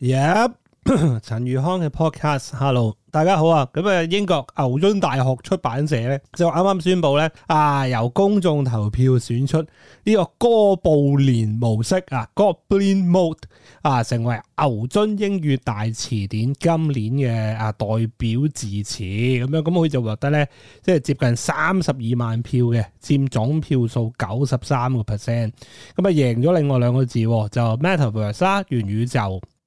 入 Yeah , 陳裕康嘅 podcast，hello，大家好啊！咁啊，英國牛津大學出版社咧就啱啱宣布咧啊，由公眾投票選出呢個哥布連模式啊，Goblin、嗰個、Mode 啊，成為牛津英語大詞典今年嘅啊代表字詞咁樣，咁佢就獲得咧即係接近三十二萬票嘅，佔總票數九十三個 percent，咁啊贏咗另外兩個字，就 Metaverse 元宇宙。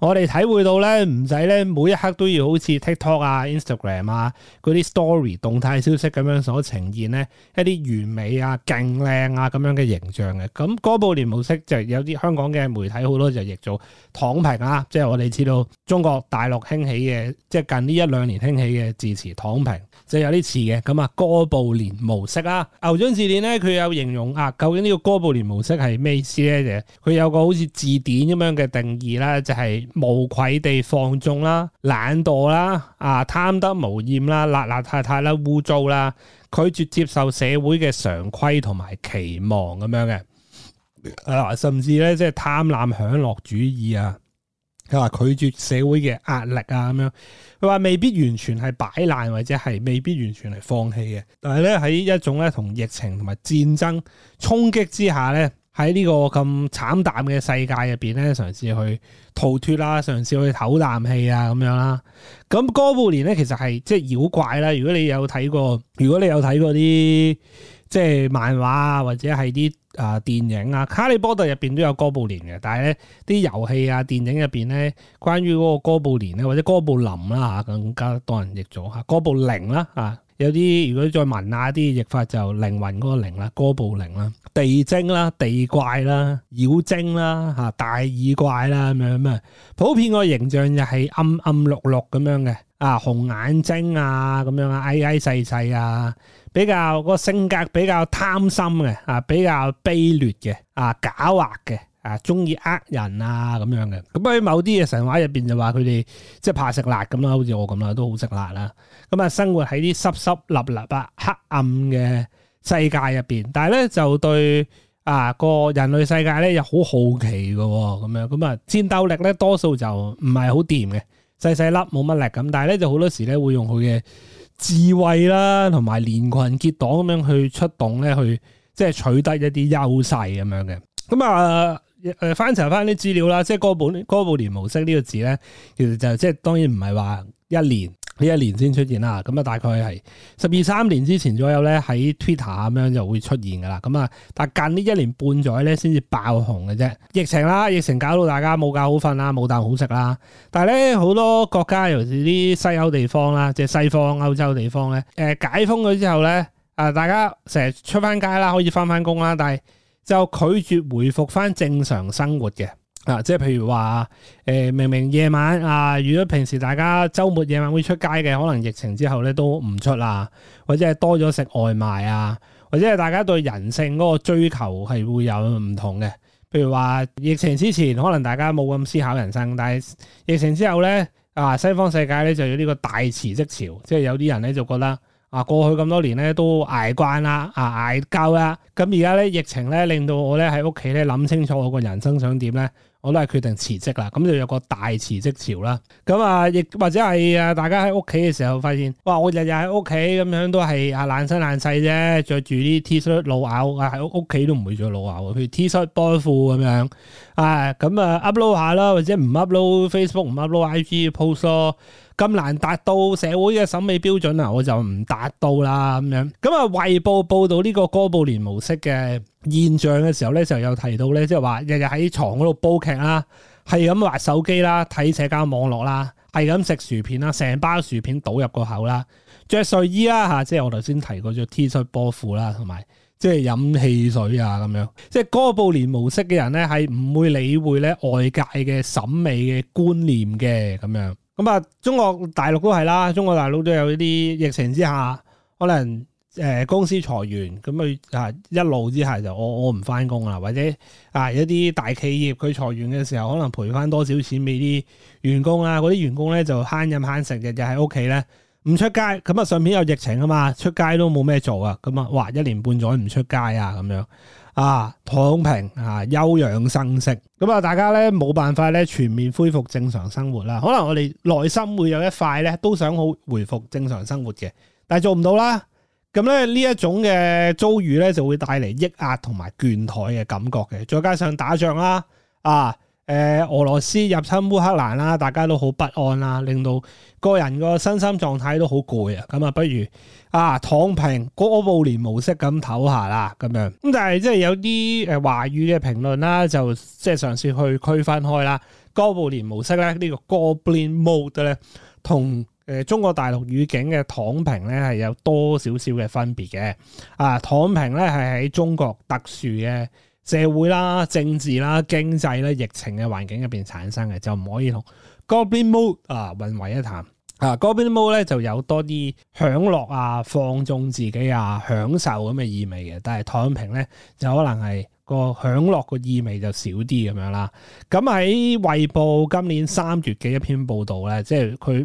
我哋體會到咧，唔使咧，每一刻都要好似 TikTok 啊、Instagram 啊嗰啲 story 動態消息咁樣所呈現咧，一啲完美啊、勁靚啊咁樣嘅形象嘅。咁哥布連模式就有啲香港嘅媒體好多就譯做躺平啊，即係我哋知道中國大陸興起嘅，即係近呢一兩年興起嘅字詞躺平，即係有啲似嘅。咁啊，哥布連模式啊，牛津字典咧佢有形容啊，究竟呢個哥布連模式係咩意思咧？就佢有個好似字典咁樣嘅定義啦，就係。無愧地放縱啦、懶惰啦、啊貪得無厭啦、邋邋遢遢啦、污糟啦，拒絕接受社會嘅常規同埋期望咁樣嘅，誒甚至咧即係貪婪享樂主義啊，佢話拒絕社會嘅壓力啊咁樣，佢話未必完全係擺爛或者係未必完全係放棄嘅，但係咧喺一種咧同疫情同埋戰爭衝擊之下咧。喺呢個咁慘淡嘅世界入邊咧，嘗試去逃脫啦，嘗試去唞啖氣啊，咁樣啦。咁哥布連咧，其實係即係妖怪啦。如果你有睇過，如果你有睇過啲即係漫畫啊，或者係啲啊電影啊，哈利波特入邊都有哥布連嘅。但係咧，啲遊戲啊、電影入邊咧，關於嗰個哥布連咧，或者哥布林啦、啊、吓，更加多人譯咗吓，哥布靈啦吓。啊有啲如果再文雅啲譯法就靈魂嗰個靈啦，哥布靈啦，地精啦，地怪啦，妖精啦，嚇大耳怪啦咁樣啊，普遍個形象就係暗暗綠綠咁樣嘅，啊紅眼睛啊，咁樣啊，矮矮細細啊，比較、個性格比較貪心嘅，啊比較卑劣嘅，啊狡猾嘅。啊，中意呃人啊咁樣嘅，咁喺某啲嘅神話入邊就話佢哋即係怕食辣咁啦，好似我咁啦，都好食辣啦。咁啊，生活喺啲濕濕立立啊、黑暗嘅世界入邊，但係咧就對啊個人類世界咧又好好奇嘅，咁樣咁啊，戰鬥力咧多數就唔係好掂嘅，細細粒冇乜力咁、啊，但係咧就好多時咧會用佢嘅智慧啦，同埋連群結黨咁樣去出動咧，去即係取得一啲優勢咁樣嘅，咁啊～誒翻查翻啲資料啦，即係哥布連模式呢個字咧，其實就即係當然唔係話一年呢一年先出現啦，咁啊大概係十二三年之前左右咧，喺 Twitter 咁樣就會出現噶啦，咁啊但係近呢一年半載咧先至爆紅嘅啫。疫情啦，疫情搞到大家冇覺好瞓啦，冇啖好食啦，但係咧好多國家尤其是啲西歐地方啦，即係西方歐洲地方咧，誒解封咗之後咧，大家成日出翻街啦，可以翻翻工啦，但係，就拒絕回復翻正常生活嘅啊！即係譬如話、呃、明明夜晚啊，如果平時大家週末夜晚會出街嘅，可能疫情之後咧都唔出啦，或者係多咗食外賣啊，或者係大家對人性嗰個追求係會有唔同嘅。譬如話疫情之前可能大家冇咁思考人生，但係疫情之後咧啊，西方世界咧就有呢個大辭職潮，即係有啲人咧就覺得。啊，過去咁多年咧都捱慣啦，啊捱夠啦，咁而家咧疫情咧令到我咧喺屋企咧諗清楚我個人生想點咧，我都係決定辭職啦，咁就有個大辭職潮啦。咁啊，亦或者係啊，大家喺屋企嘅時候發現，哇！我日日喺屋企咁樣都係啊爛身爛勢啫，着住啲 T-shirt 老牛啊，喺屋屋企都唔會着老牛，譬如 T-shirt 波褲咁樣啊，咁啊 upload、啊、下咯，或者唔 upload Facebook 唔 upload IG post 咁難達到社會嘅審美標準啊，我就唔達到啦咁樣。咁啊，衛報報導呢個哥布連模式嘅現象嘅時候咧，就有提到咧，即係話日日喺床嗰度煲劇啦，係咁滑手機啦，睇社交網絡啦，係咁食薯片啦，成包薯片倒入個口啦，着睡衣啦吓，即係我頭先提過咗 T 恤波褲啦，同埋即係飲汽水啊咁樣。即係哥布連模式嘅人咧，係唔會理會咧外界嘅審美嘅觀念嘅咁樣。咁啊，中國大陸都係啦，中國大陸都有呢啲疫情之下，可能誒公司裁員，咁佢啊一路之下就我我唔翻工啊，或者啊一啲大企業佢裁員嘅時候，可能賠翻多少錢俾啲員工啦，嗰啲員工咧就慳飲慳食，日日喺屋企咧唔出街，咁啊上面有疫情啊嘛，出街都冇咩做啊，咁啊哇一年半載唔出街啊咁樣。啊躺平啊休養生息，咁啊大家咧冇辦法咧全面恢復正常生活啦，可能我哋內心會有一塊咧都想好回復正常生活嘅，但係做唔到啦。咁咧呢一種嘅遭遇咧就會帶嚟抑壓同埋倦怠嘅感覺嘅，再加上打仗啦啊。誒、呃，俄羅斯入侵烏克蘭啦，大家都好不安啦，令到個人個身心狀態都好攰啊！咁啊，不如啊躺平哥布連模式咁唞下啦，咁樣咁但係即係有啲誒、呃、華語嘅評論啦，就即係嘗試去區分開啦。哥布連模式咧，這個、呢個 Goblin Mode 咧，同、呃、中國大陸語境嘅躺平咧係有多少少嘅分別嘅。啊，躺平咧係喺中國特殊嘅。社會啦、政治啦、經濟啦、疫情嘅環境入面產生嘅，就唔可以同 Goblin mode 啊混為一談啊。Goblin mode 咧就有多啲享樂啊、放縱自己啊、享受咁嘅意味嘅，但係躺平咧就可能係個享樂嘅意味就少啲咁樣啦。咁喺《衛報》今年三月嘅一篇報道咧，即係佢誒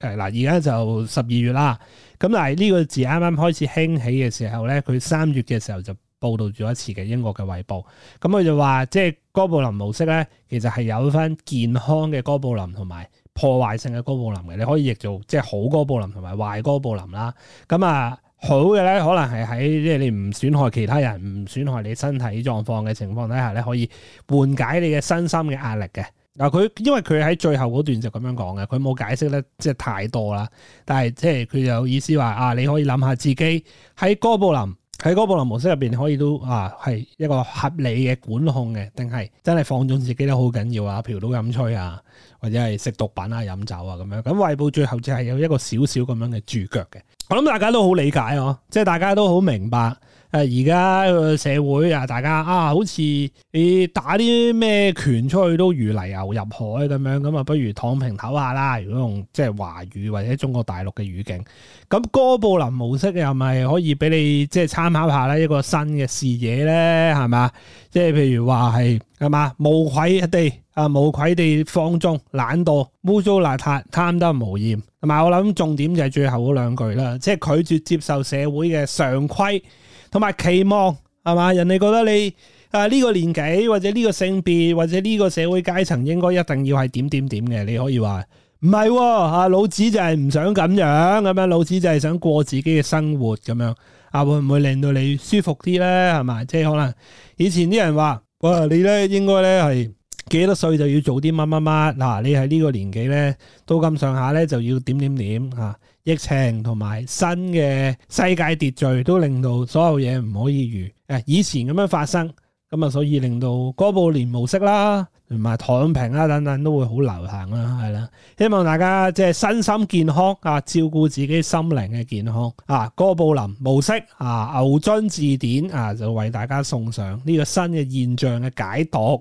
嗱，而、哎、家就十二月啦。咁但係呢個字啱啱開始興起嘅時候咧，佢三月嘅時候就報道咗一次嘅英國嘅《衛報》，咁、嗯、佢就話，即、就、係、是、哥布林模式咧，其實係有分健康嘅哥布林同埋破壞性嘅哥布林嘅，你可以譯做即係好哥布林同埋壞哥布林啦。咁、嗯、啊，好嘅咧，可能係喺即係你唔損害其他人、唔損害你身體狀況嘅情況底下咧，可以緩解你嘅身心嘅壓力嘅。嗱、嗯，佢因為佢喺最後嗰段就咁樣講嘅，佢冇解釋咧，即係太多啦。但係即係佢有意思話啊，你可以諗下自己喺哥布林。喺嗰暴飲模式入面，可以都啊，係一個合理嘅管控嘅，定係真係放縱自己都好緊要啊！嫖賭飲吹啊，或者係食毒品啊、飲酒啊咁樣，咁維部最後只係有一個少少咁樣嘅住腳嘅。我諗大家都好理解哦、啊，即係大家都好明白。誒而家個社會啊，大家啊，好似你打啲咩拳出去都如泥牛入海咁樣，咁啊，不如躺平唞下啦。如果用即係華語或者中國大陸嘅語境，咁哥布林模式又咪可以俾你即係參考下咧？一個新嘅視野咧，係嘛？即係譬如話係係嘛？無愧地啊，無愧地放縱、懶惰、污糟邋遢、貪得無厭，同埋我諗重點就係最後嗰兩句啦，即係拒絕接受社會嘅常規。同埋期望係嘛？人哋覺得你啊，呢個年紀或者呢個性別或者呢個社會階層應該一定要係點點點嘅。你可以話唔係喎，老子就係唔想咁樣咁樣，老子就係想過自己嘅生活咁樣啊，啊，會唔會令到你舒服啲咧？係嘛，即係可能以前啲人話：哇，你咧應該咧係，幾多歲就要做啲乜乜乜？嗱、啊，你喺呢個年紀咧，都咁上下咧就要點點點、啊、疫情同埋新嘅世界秩序都令到所有嘢唔可以如、啊、以前咁樣發生。咁啊，所以令到哥布年模式啦，同埋躺平啦等等都會好流行啦，係啦。希望大家即係身心健康啊，照顧自己心靈嘅健康啊。哥布林模式啊，牛津字典啊，就為大家送上呢個新嘅現象嘅解讀。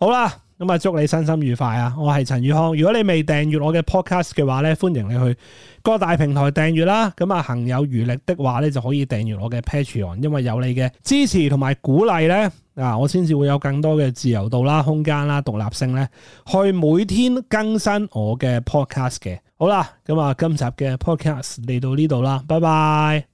好啦，咁、嗯、啊，祝你身心愉快啊！我係陳宇康，如果你未訂閱我嘅 podcast 嘅話咧，歡迎你去各大平台訂閱啦。咁、嗯、啊，行有餘力的話咧，就可以訂閱我嘅 patreon，因為有你嘅支持同埋鼓勵咧。啊！我先至會有更多嘅自由度啦、空間啦、獨立性咧，去每天更新我嘅 podcast 嘅。好啦，咁啊，今集嘅 podcast 嚟到呢度啦，拜拜。